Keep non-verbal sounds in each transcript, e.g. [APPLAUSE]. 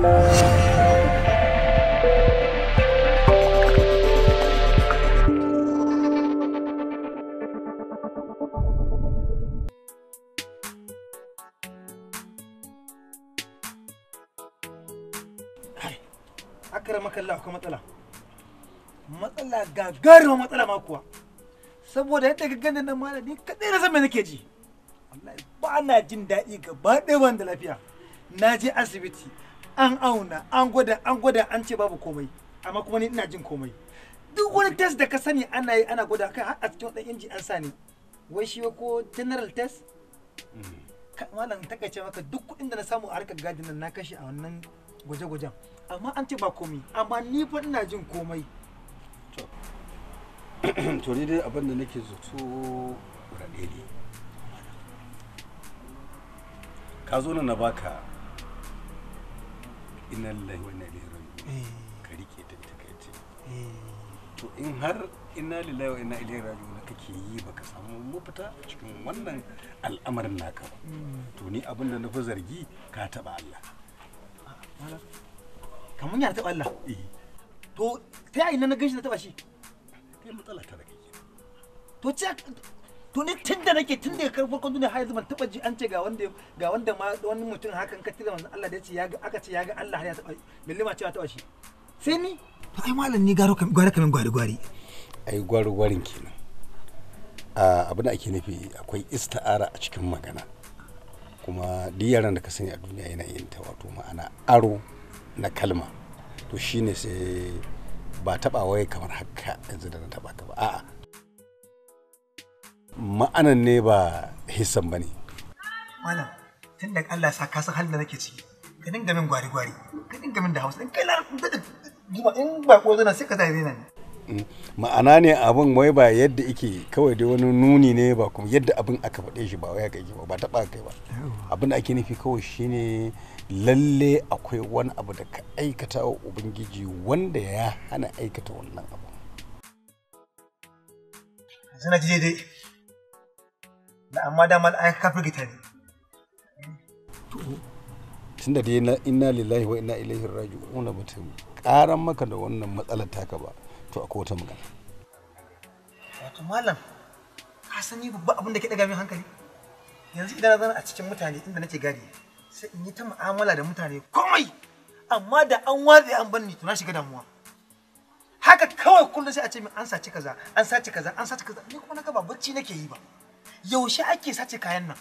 akara makalla akwai matsala matsala gagarumar matsala ma kuwa saboda yadda gaggan nan na ni kadai na san me nake ji wallahi ba na jin daɗi gaba ɗaya ban da lafiya na je asibiti an auna an gwada an gwada an ce babu komai amma kuma ni ina jin komai duk wani test da ka sani ana yi ana gwada kai a cikin dan inji an sani wai shi ko general test mm. malam takaice maka duk kuɗin da na samu a harkar gadin nan na kashe a wannan gwaje-gwajen amma an ce ba komai amma ni fa ina jin komai to [CLEARS THROAT] ni dai abin da nake zato raɗe ne ka zo na baka inna lillahi wa inna ilaihi raji'un eh. ka rike ta takaice eh. to in har inna lillahi wa inna ilaihi raji'un ke yi baka samu mafita cikin wannan al'amarin naka hmm. to ni abin da na fi zargi ka taba Allah ah, kamar ya taba Allah eh. to ta yayin na shi na taba shi kai matsala ta da kake to tuni tun da nake tun da ya karfa kudu ne har yanzu ban taba ji an ce ga wanda ga wanda ma wani mutum hakan ka tilla Allah da yace ya ga aka ce ya ga Allah har ya taba millima cewa taba shi sai ni to ai malam ni garo kan gware kamin gwari gwari ai gwari gwarin kenan a abin da ake nufi akwai ista'ara a cikin magana kuma duk yaran da ka sani a duniya yana yin ta wato ma'ana aro na kalma to shine sai ba taba waye kamar haka yanzu da na taba ka ba a'a ma'anan ne ba hissan ba ne. Malam, tun da Allah sa kasan halin da nake ciki, ka dinga min gwari-gwari, ka dinga min da hausa, in kai in ba ko zana sai ka zai zai mm, Ma'ana ne abin wai ba yadda ike kawai dai wani nuni ne ba kuma yadda abin aka faɗe shi ba wai aka yi ba ba taɓa kai ba. Abin da ake nufi kawai shine lalle akwai wani abu da ka aikata wa Ubangiji wanda ya hana aikata wannan abu. Zana ji daidai. da amma dama ai ka firgita ne tun da dai na inna lillahi wa inna ilaihi raju ba mutum karan maka da wannan matsalar taka ba to a wata magana wato malam ka sani babba abin da ke daga min hankali yanzu idan zan a cikin mutane inda nake gari sai in yi ta mu'amala da mutane komai amma da an watsa an banni to na shiga damuwa haka kawai kullum sai a ce min an sace kaza an sace kaza an sace kaza ni kuma na ga ba bacci nake yi ba yaushe ake sace kayan nan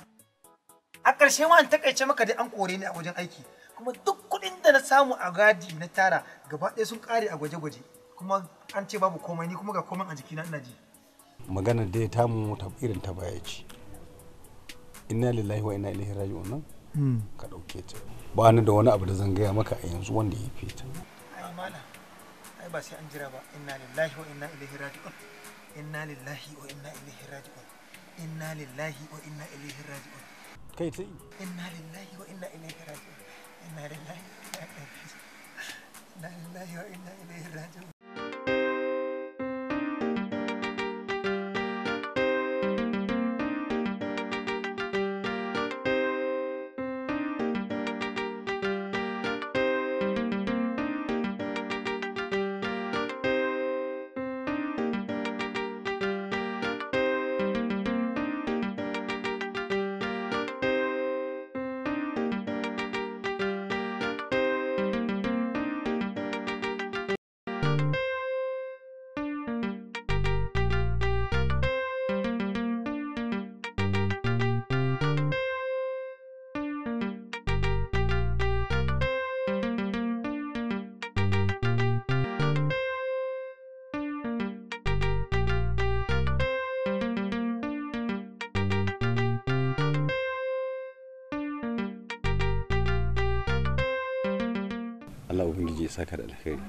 a ƙarshe ma an takaice maka dai an kore ni a wajen aiki kuma duk kuɗin da na samu a gadi na tara gaba ɗaya sun ƙare a gwaje-gwaje kuma an ce babu komai ni kuma ga komai a jikina ina ji magana dai ta mu ta irin ta baya ce inna lillahi wa inna ilaihi raji'un nan hmm. ka ɗauke ta ba ni da wani abu da zan gaya maka a yanzu wanda ya fi ta ai mala ai ba sai an jira ba inna lillahi wa inna ilaihi raji'un inna lillahi wa inna ilaihi raji'un inna lillahi wa inna ilaihi raji'un kai inna lillahi wa inna ilaihi raji'un inna lillahi wa inna ilaihi raji'un Allah ubangiji ya saka da alkhairi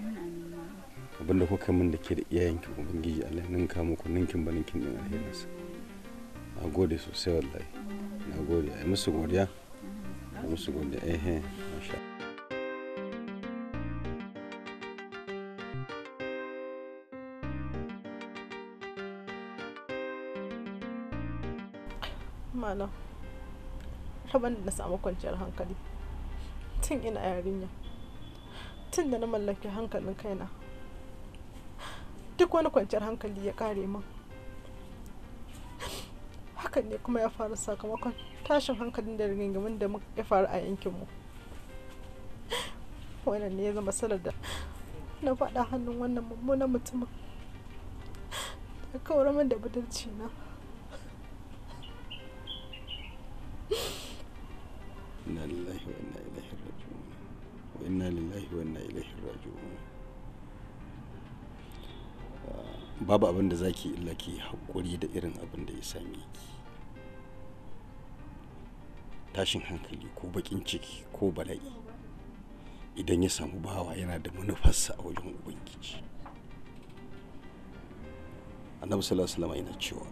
abinda kuka min da ke da iyayenki ubangiji Allah ka muku ninkin ba ninkin din alherinsa na gode sosai wallahi na gode ai musu godiya a musu godiya eh masha Malam, rabon da na samu kwanciyar hankali tun ina yarinya. lokacin da na mallaki hankalin kaina duk wani kwanciyar hankali ya kare min hakan ne kuma ya faru sakamakon tashin hankalin da rigingimin da ya faru a yankinmu wannan ne ya zama salar da na faɗa hannun wannan mummunan mutumin da kawar da budurci na inna lillahi wa inna ilaihi raji'un ah, babu abin da zaki illa ki haƙuri da irin abin da ya same ki tashin hankali ko bakin ciki ko bala'i idan ya samu bawa yana da manufarsa a wajen ubangiji annabi sallallahu alaihi wasallam yana cewa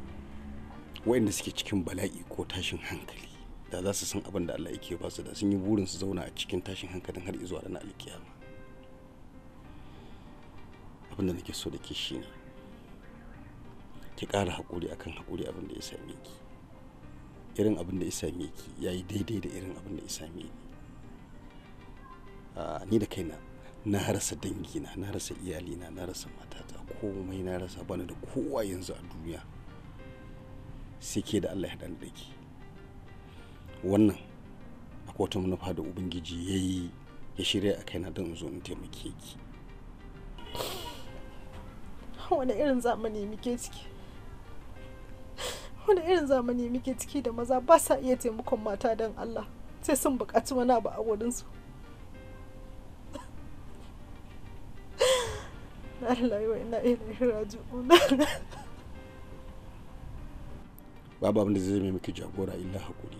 waɗanda suke cikin bala'i ko tashin hankali da za su san abin da Allah yake ba su da sun yi burin su zauna a cikin tashin hankalin har zuwa ranar alkiyama abin da nake so da ke shi ne ki ƙara haƙuri akan haƙuri abin da ya same ki irin abin da ya same ki ya yi daidai da irin abin da ya same ni ah, ni da kaina na rasa dangina na rasa iyalina na rasa matata komai na rasa bana da kowa yanzu a duniya sai ke da Allah ya haɗa da ke wannan a wata manufa da ubangiji ya yi ya shirya a kaina don zo in taimake ki wani irin zamani muke ciki wani irin zamani muke ciki da maza ba sa iya taimakon mata don allah sai sun buƙaci wani abu a wurinsu na rayuwa ina babu abin da zai mai miki jagora illa hakuri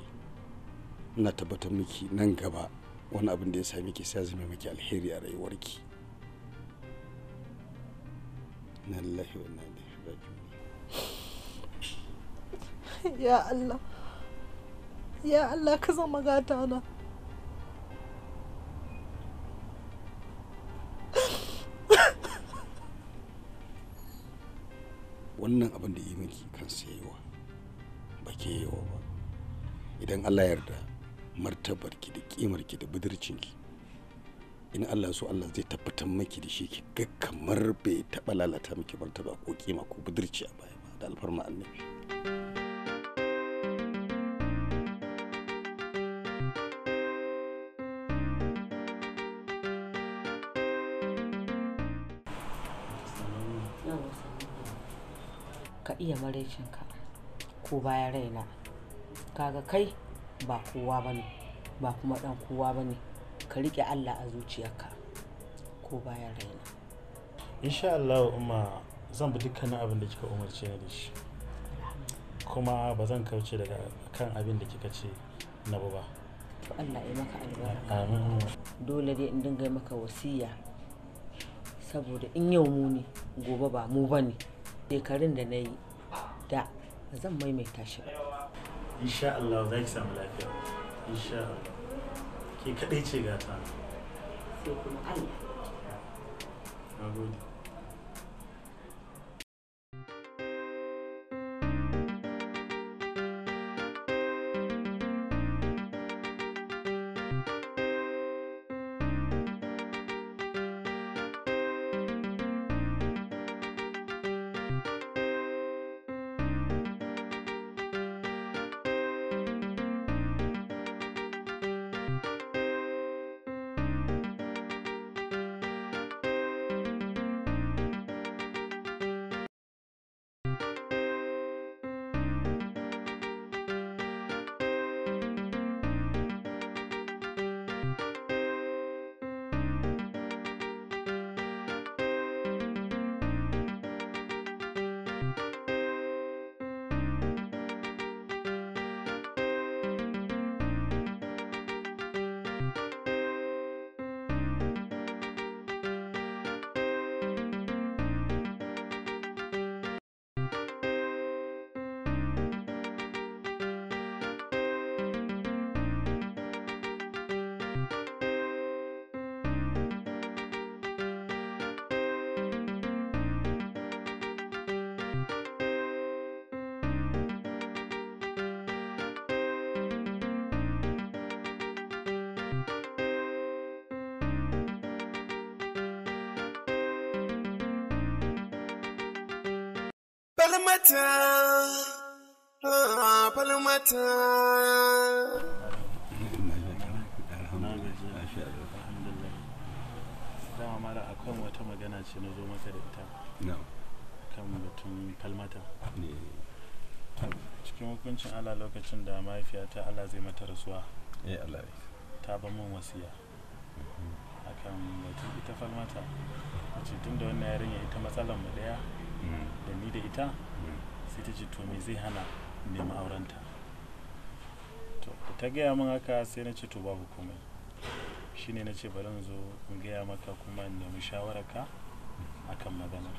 ina tabbatar miki nan gaba wani abin da ya same ki sai zama miki alheri a rayuwarki lallahi wa ya Allah ya Allah ka zama gata na wannan abin da yi miki kan sayewa ba ke wa ba idan Allah yarda ki da kimarki da budurcin ki in Allah so Allah zai tabbatar maki da shi ki ga kamar bai taba lalata miki martaba ko kima ko budurci a baya ba da alfarma annabi ka iya ka ko bayan raina kaga kai ba kowa ba ne ba kuma ɗan kowa ba ne ka riƙe allah a zuciyarka ko bayan raina insha allah umma zan bi dukkanin abin da kika umarce ni da shi kuma ba zan kauce daga kan abin da kika ce na ba to allah ya maka albarka dole dai in dinga maka wasiya saboda in yau mu ne gobe ba mu ba ne shekarun da na yi da zan maimaita shi ba insha Allah za ki samu lafiya insha Allah ke kadai ce gata sai kuma Allah na gode falmata falmata mara akwai wata magana ce na zo maka da ita kan batun falmata cikin hukuncin ala lokacin da mahaifiyata ala zai mata rasuwa eh, ta ba min wasiya mm-hmm. akan batun ita falmata a ce tun da wannan yarinya ita matsalan mu daya da ni da ita sai ta ce to me zai hana nemi aurenta to ta gaya min haka sai na ce to babu komai shine na ce bari zo in gaya maka kuma in nemi shawararka akan maganar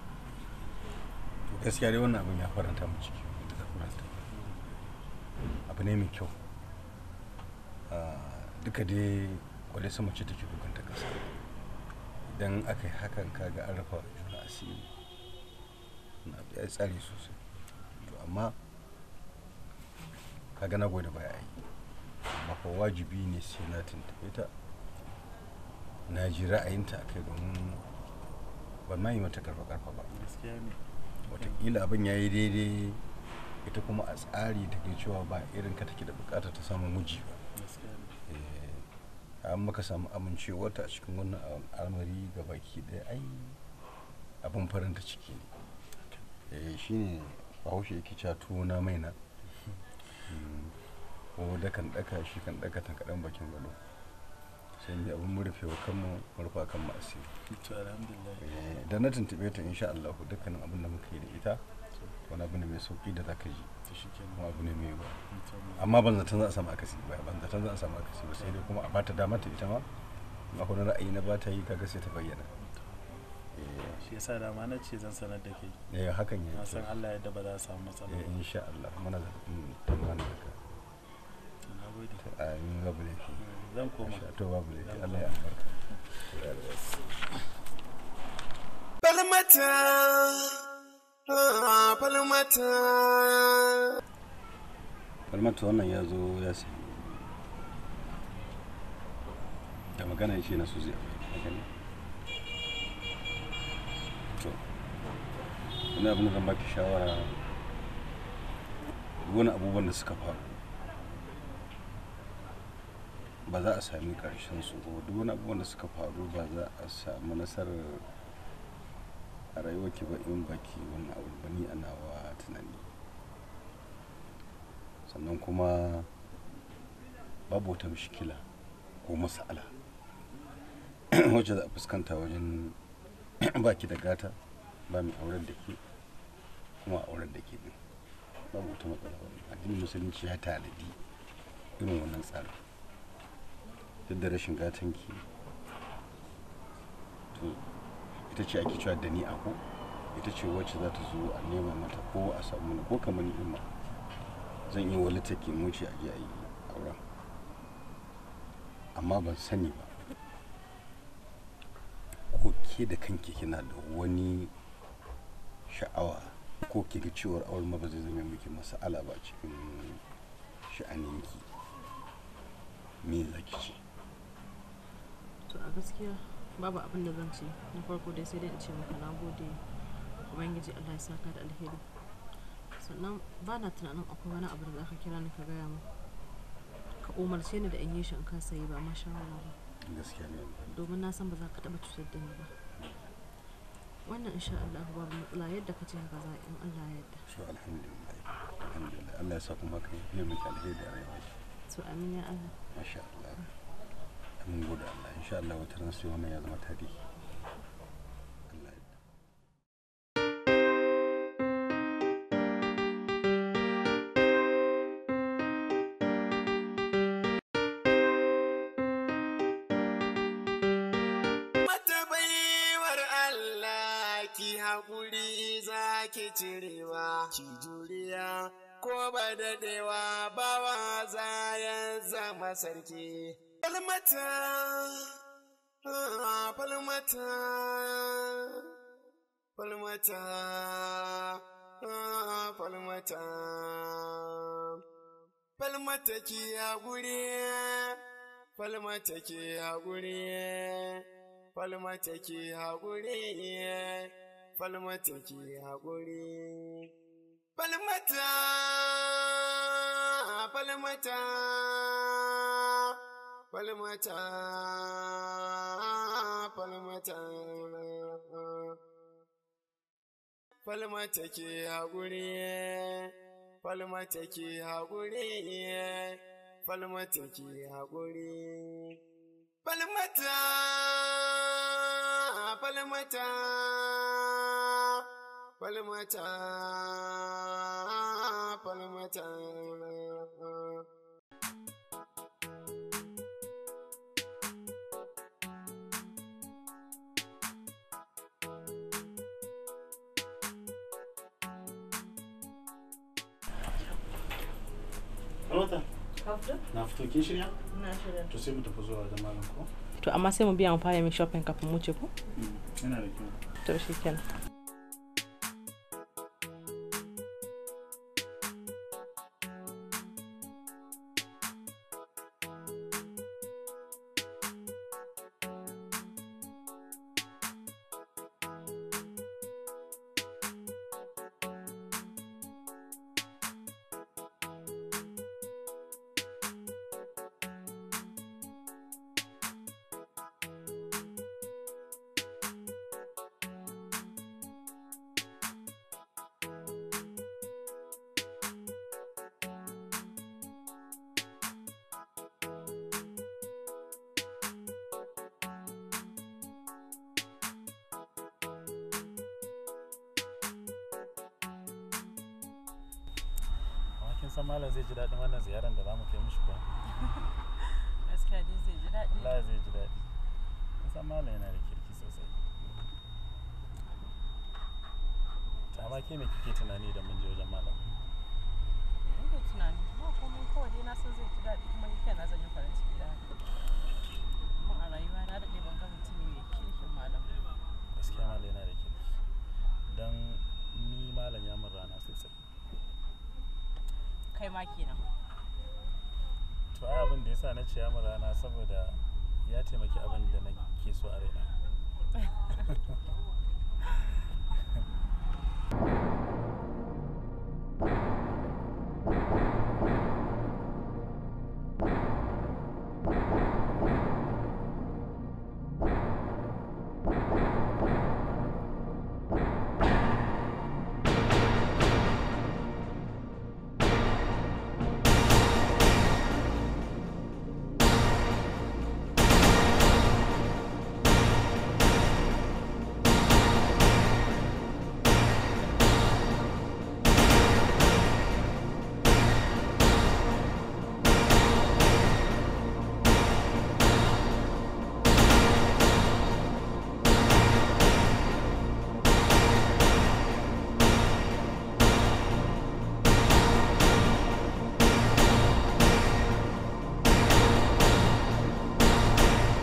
to gaskiya dai wannan abin ya faranta mu ciki abu ne mai kyau ah, duka dai kwale sama ce take dukan ta kasa idan aka yi hakan kaga an rufa juna asiri ya tsare sosai to amma kaga na gwai da baya yi amma wajibi ne sai na tuntuɓe ta na ji ra'ayinta a kai domin ban ma yi mata karfa karfa ba watakila abin ya yi daidai ita kuma a tsari ta ke cewa ba irin ka take da bukata ta samu miji ba eh, an maka samu amincewarta a cikin wannan al'amari ga baki ɗaya ai abin faranta ciki ne eh shine bahaushe yake cewa tuwo na mai na hmm. ko da kan daka shi kan daka ta kadan bakin gado sai mu abun mu rufe kanmu mu rufa kanmu asiri to alhamdulillah eh, da na tuntube ta insha Allah dukkanin abin da muka yi da ita wani abu ne mai sauki da zaka ji kuma abu ne mai ba amma ban zata za a samu akasi ba ban zaton za a samu akasi ba sai dai kuma a bata dama ta ita ma akwai ra'ayi na ba ta yi kaga sai ta bayyana Eh, shi yasa da ma na ce zan sanar da kai eh hakan yake san Allah yadda ba za a samu matsala eh insha Allah muna da mm, tamanin haka na gode amin babu laifi hmm, zan koma to babu laifi Allah ya albarka ah, Falmata Falmata wannan ya zo ya sai da magana shi na su zai ina abin da shawara wani abubuwan da suka faru ba za a sami karshen su ba duk wani abubuwan da suka faru ba za a sami nasarar a ki ba in baki wani abu ba ni ana wa tunani sannan kuma babu wata mishkila ko masala [CLEARS THROAT] wacce za a fuskanta wajen [CLEARS THROAT] baki da gata ba mai auren da ke kuma auren da ke din babu wata matsala addinin musulunci ya taladi irin wannan tsarin duk da rashin gatan ki to ita ce ake cewa da ni ako ita ce wacce za ta zo a nema mata ko a samu ko kamar ni'ima zan yi wani take muci a a yi auren amma ban sani ba ko ke da kanki kina da wani sha'awa ko ki ga cewar auren ma ba zai zama miki masala ba cikin sha'aninki me za ce to a gaskiya babu abin da zan ce na farko dai sai dai in ce maka na gode ubangiji allah ya saka da alheri sannan ba na tunanin akwai wani abu da za ka kira ni ka gaya min ka umarce ni da in yi shi in kasa yi ba ma shawara ba gaskiya ne domin na san ba za ka taba cutar da ni ba wannan insha Allah babu matsala yadda kace haka za in Allah ya yarda so alhamdulillah alhamdulillah Allah ya sa kuma da rayuwa so amin ya Allah masha Allah Allah insha Allah wata ran sai wannan ya zama tarihi cirewa ki juriya ko ba dadewa wa za ya zama sarki falmata falmata falmata falmata falmata ki haƙuri falmata ki haƙuri falmata ki haƙuri falmata ki haƙuri. Falmata, falmata, falmata, falmata. Falmata ki haƙuri, falmata ki haƙuri, falmata ki haƙuri. falmata falmata falmata falmata na fito kin to zuwa amma sai mu biya mu fara mai shopping kafin mu ce ko yana san malam zai ji daɗin wannan ziyarar da za mu kai mishi kuwa [LAUGHS] gaskiya dai zai ji daɗi Allah zai ji daɗi san malam yana da kirki sosai Ta ma ke me kike tunani da mun je wajen malam ina tunani ba komai kawai dai na san zai ji daɗi kuma ni kaina zan yi farin ciki da kuma a rayuwa na daɗe ban ga mutum mai kirkin malam gaskiya malam yana da kirki don ni malam ya min rana sosai kai ma kenan to ai abin da yasa na ce mu rana saboda ya taimaki abin da nake so a raina [LAUGHS]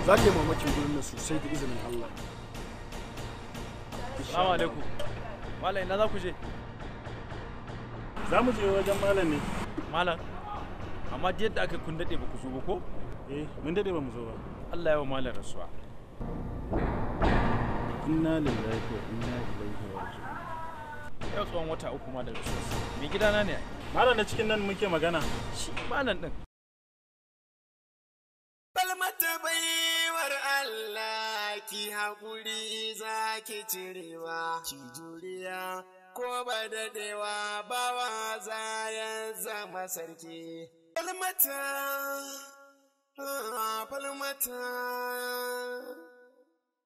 za ka yi mamakin gurin nan sosai da izinin Allah. Salamu alaikum. Malam ina za ku je? Za mu je wajen malam ne. Malam? Amma da yadda aka kun daɗe ba ku zo ba ko? Eh, mun daɗe ba mu zo ba. Allah ya wa malam rasuwa. Inna lillahi wa inna ilaihi raji'un. Yau tsawon wata uku ma da rasuwa. Me gidana ne? Malam na cikin nan muke magana. Shi malam din. hakuri za ki cirewa, ki juriya, ko ba daɗewa bawa za ya zama sarki. Falmata, falmata,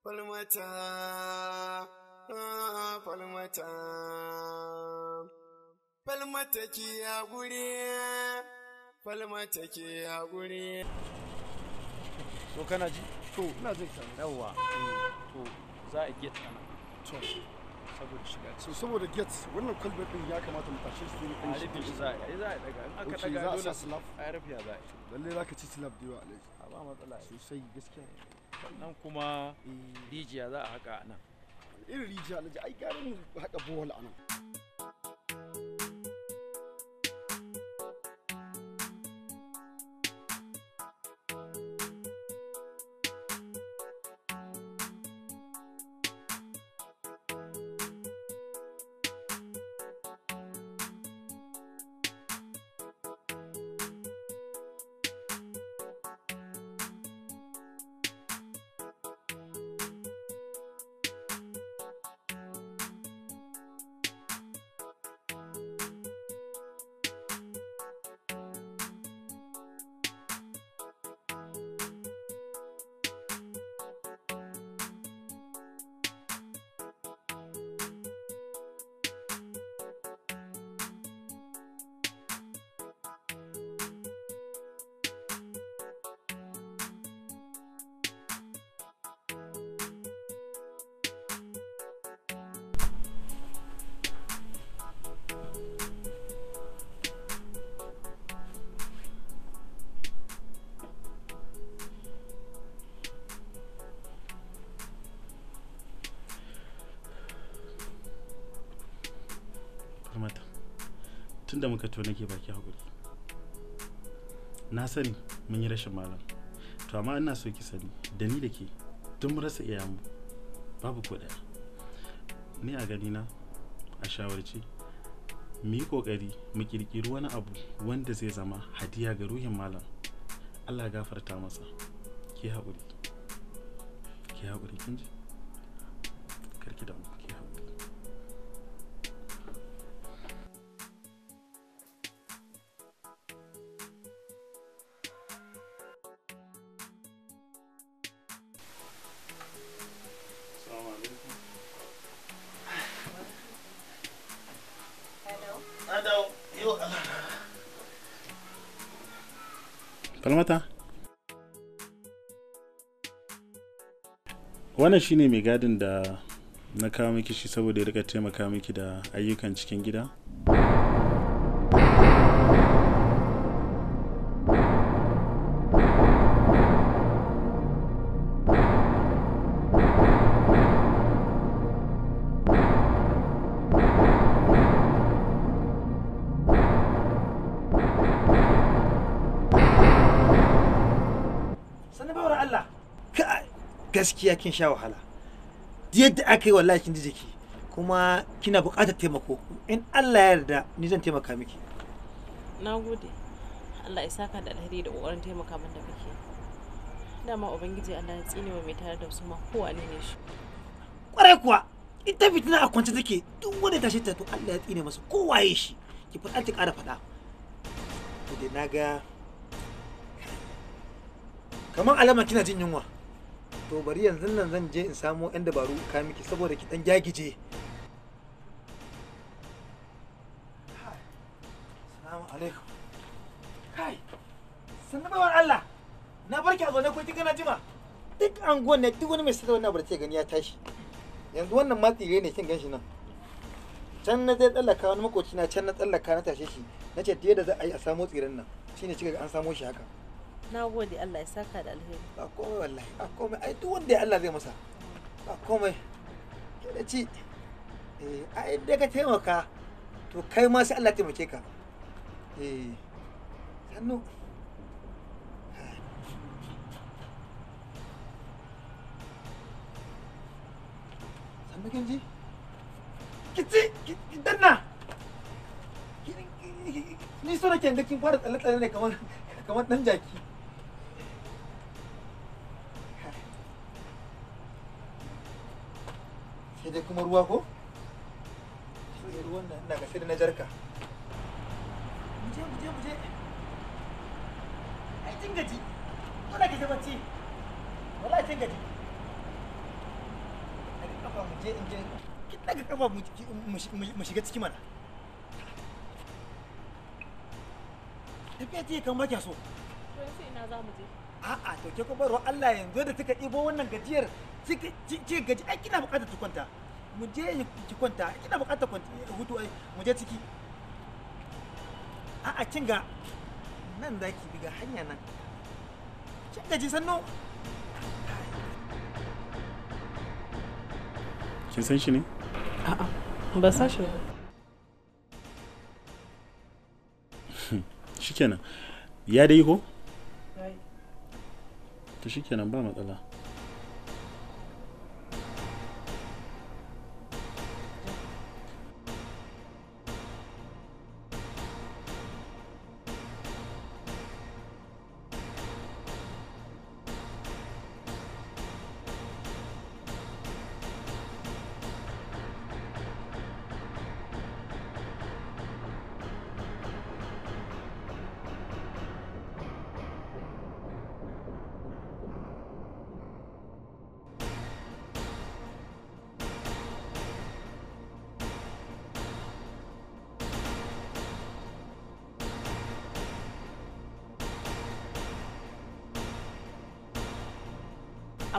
falmata, falmata. Falmata ki haƙuri, falmata ki haƙuri. so kana ji to ina jin yawa to za a get ana to saboda shiga so saboda get wannan kwalba din ya kamata mu su ne a shi za a yi za a daga in aka daga dole a a za a yi lalle zaka ci slab da yawa alai a ba matsala sosai gaskiya sannan kuma eh. rijiya za a haka a nan irin rijiya ai garin haka bowl a nan tun da muka to ke baki hakuri na sani mun yi rashin malam to amma ina so ki sani da ni da ke tun mu rasa mu babu ko daya ni a gani na a shawarci mu yi kokari mu kirkiri wani abu wanda zai zama hadiya ga ruhin malam Allah gafarta masa ki hakuri, ki hakuri kin ji karki da mu wannan shine mai gadin da na kawo miki shi saboda ya rika taimaka miki da ayyukan cikin gida gaskiya kin sha wahala yadda aka yi wallahi kin ji jiki kuma kina buƙatar taimako in Allah ya yarda ni zan taimaka miki na gode Allah ya saka da alheri da ƙoƙarin taimaka min da kake dama ubangiji Allah ya tsine wa mai tare da su ma kowa ne shi kwarai kuwa ita fitina a kwance take duk wanda ta shi to Allah ya tsine masa kowa ya shi ki faɗa ta ƙara faɗa to dai naga kamar alama kina jin yunwa to bari yanzu nan zan je in samo yan dabaru ka miki saboda ki dan jagije Assalamu alaikum kai sannu bawar Allah na barki a zaune ko kika na jima duk anguwan ne duk wani mai sadarwa na barci gani ya tashi yanzu wannan ma tsire ne kin ganshi nan can na zai tsallaka wani makoci na can na tsallaka na tashe shi na ce da za a yi a samo tsiren nan shine kika ga an samo shi haka na gode Allah ya saka da alheri ba komai wallahi ba komai ai duk wanda Allah zai masa ba komai da ci eh ai da ka taimaka to kai ma sai Allah taimake ka eh sannu sannu kin ji ki ci ki danna ni so nake da kin fara tsalle-tsalle ne kamar kamar dan jaki sai kuma ruwa ko ruwan nan ina ga sai na jarka muje muje muje ai kin gaji wala ke zama ci wala kin gaji Ai kafa mu je in je ki daga kafa mu shiga ciki mana tafiya ce kan baki so to yanzu ina za mu je a'a to ke kuma Allah yanzu da kika ɗibo wannan gajiyar kika gaji ai kina buƙatar tukunta mu je ki kwanta kina bukatar hutu eh, mu je ciki a a kinga nan za ki biga hanya nan kin gaji sannu kin san shi ne a'a ba san shi ba [LAUGHS] shikenan ya dai ko to shikenan ba matsala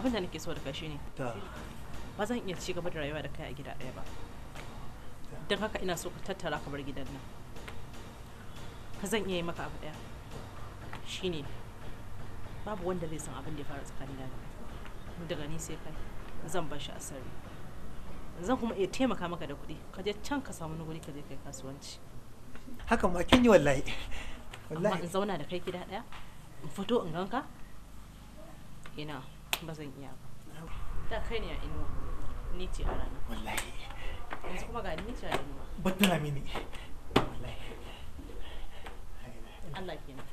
abin da nake so da kai ne ba zan iya ci gaba da rayuwa da kai a gida ɗaya ba don haka ina so ka tattara ka bar gidan nan ka zan iya yi maka abu ɗaya ne babu wanda zai san abin da ya fara tsakanin da kai daga ni sai kai zan bar shi a sarri zan kuma iya taimaka maka da kuɗi ka je can ka samu wuri ka je kai kasuwanci Haka ma kin yi wallahi wallahi amma in zauna da kai gida ɗaya in fito in ganka ina ba zan iya ba da kai ne a inuwa ni ce a rana wallahi yanzu kuma ga ni ce a inuwa mini wallahi Allah kenan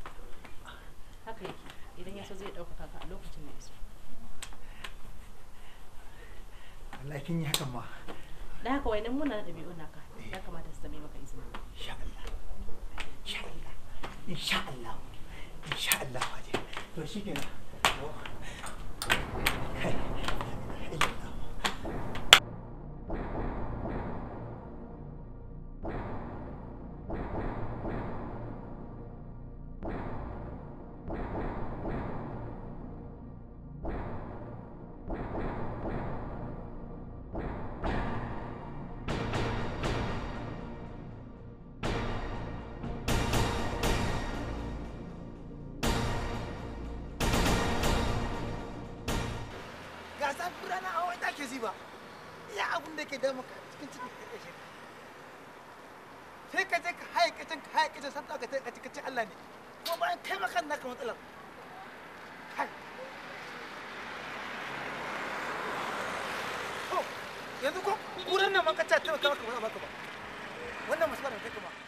haka yake idan ya so zai ɗaukaka ka a lokacin da ya so Allah kin yi hakan ma da haka muna naka eh. ya kamata su zame maka izini insha Allah insha Allah insha Allah haƙicin haƙicin san ɗauka ta cikacin Allah ne ko bayan kai makan naka matsalar yanzu ko wurin nan man ta taimaka maka ba wannan masu da kai kuma